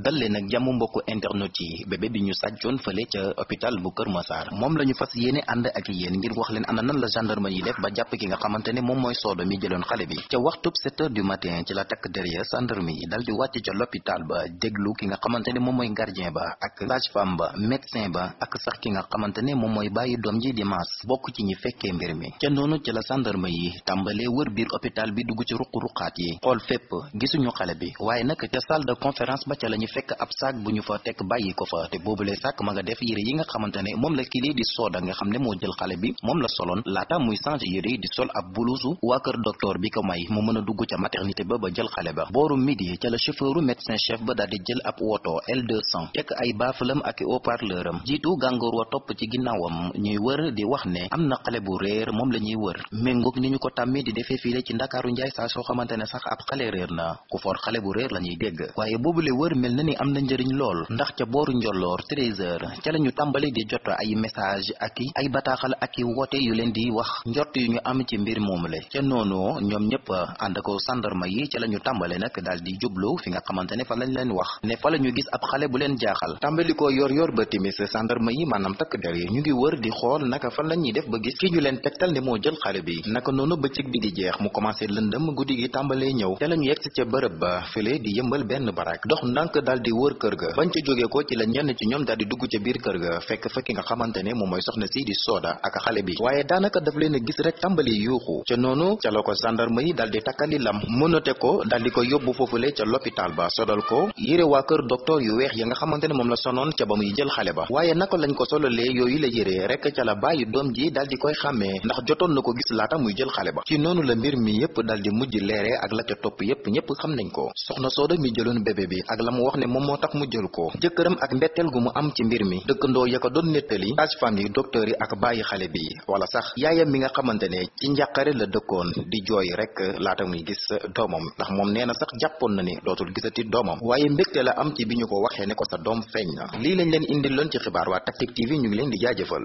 dal leen ak jàmm mbokku internet yi bébé bi ñu sàccoon fële ca hôpital bu Kër Massar moom la ñu fas yéene ànd ak yéen ngir wax leen ana nan la gendarmerie yi def ba jàpp ki nga xamante ne moom mooy soodo mi jëloon xale la takk ba déglu ki nga gardien ba ak sage-femme ba médecin ba ak sax ki nga xamante ne moom mooy bàyyi doom ji di bokk ci ñi fekkee mbir mi ca noonu ci la gendarmerie yi tàmbalee wër biir hôpital bi dugg ci ruq-ruqaat yi xool fépp gisuñu xale bi waaye nag ca salle de conférence ba dañu fekk ab saak bu ñu fa tekk bàyyi ko fa te boobule saak ma nga ne moom la kilii di moo jël xale la soloon laata muy change yére di sol ab bi ko may mu mën a dugg ca maternité ba ba jël xale ba booru midi ca la chauffeuru médecin chef ba daldi jël ab woto L200 tekk ay baafalam ak i haut-parleur am jiitu gàngoor wa topp ci ginnaawam ñuy wër di wax ne am na xale bu réer moom la ñuy wër méngoog ni ñu ko tàmmee di defee fii la ci ndakaaru njaay saa soo xamante ne sax ab xale réer na ku for xale bu réer la ñuy dégg waaye boobule wër mel na ni am na njëriñ lool ndax ca booru njolloor 13 ca la ñu tàmbali di jot ay message ak i ay bataaxal ak i woote yu leen di wax njot yu ñu am ci mbir moomu la ca noonu ñoom ñëpp ànd ako sandarma yi ca la ñu tàmbale nag daal di jublu fi nga xamante ne fa lañ leen wax ne fa la ñu gis ab xale bu leen jaaxal tàmbali ko yor yor ba timis sandarma yi maanaam takk der yi ñu ngi wër di xool naka fan la ñuy def ba gis ki ñu leen tegtal ne moo jël xale bi naka noonu bëccëg bi di jeex mu commencé lëndëm guddi gi tàmbalee ñëw ca la ñu yegg ca bërëb ba fële yëmbal benn barak dal di wër kër ga bañ ca jógee ko ci la ñenn ci ñoom dal di dugg ca biir kër ga fekk fa ki nga xamante ne moom mooy soxna si di sooda ak xale bi waaye daanaka daf leen a gis rek tàmbali yuuxu ca di lam mënate ko dal di ko yóbbu foofule ca l'hôpital ba sodal ko yére waa kër docteur yu weex ya nga xamante ne moom la sonoon ca ba muy jël xale ba waaye naka lañ ko sololee yooyu la yére rek ca la bàyyi doom ji dal di koy xàmmee ndax jotoon na ko gis laata muy jël xale ba ci noonu la mbir mi yépp dal di mujj leere ak la ca topp yépp ñépp xam nañ ko soxna sooda mi jëloon bébé ak la mu wax ne moom moo tax mu jël ko jëkkëram ak mbetteel gu mu am ci mbir mi dëkkandoo ya ko doon nettali sage-femme yi docteur yi ak bàyyi xale bi wala sax yaayam mi nga xamante ne ci njàqare la dëkkoon di jooy rek laata muy gis doomam ndax moom nee na sax jàppoon na ni dootul gisati doomam waaye mbégte la am ci bi ñu ko waxee ne ko sa doom feeñ na lii lañ leen indi loon ci xibaar waa Tactic TV ñu ngi leen di jaajëfal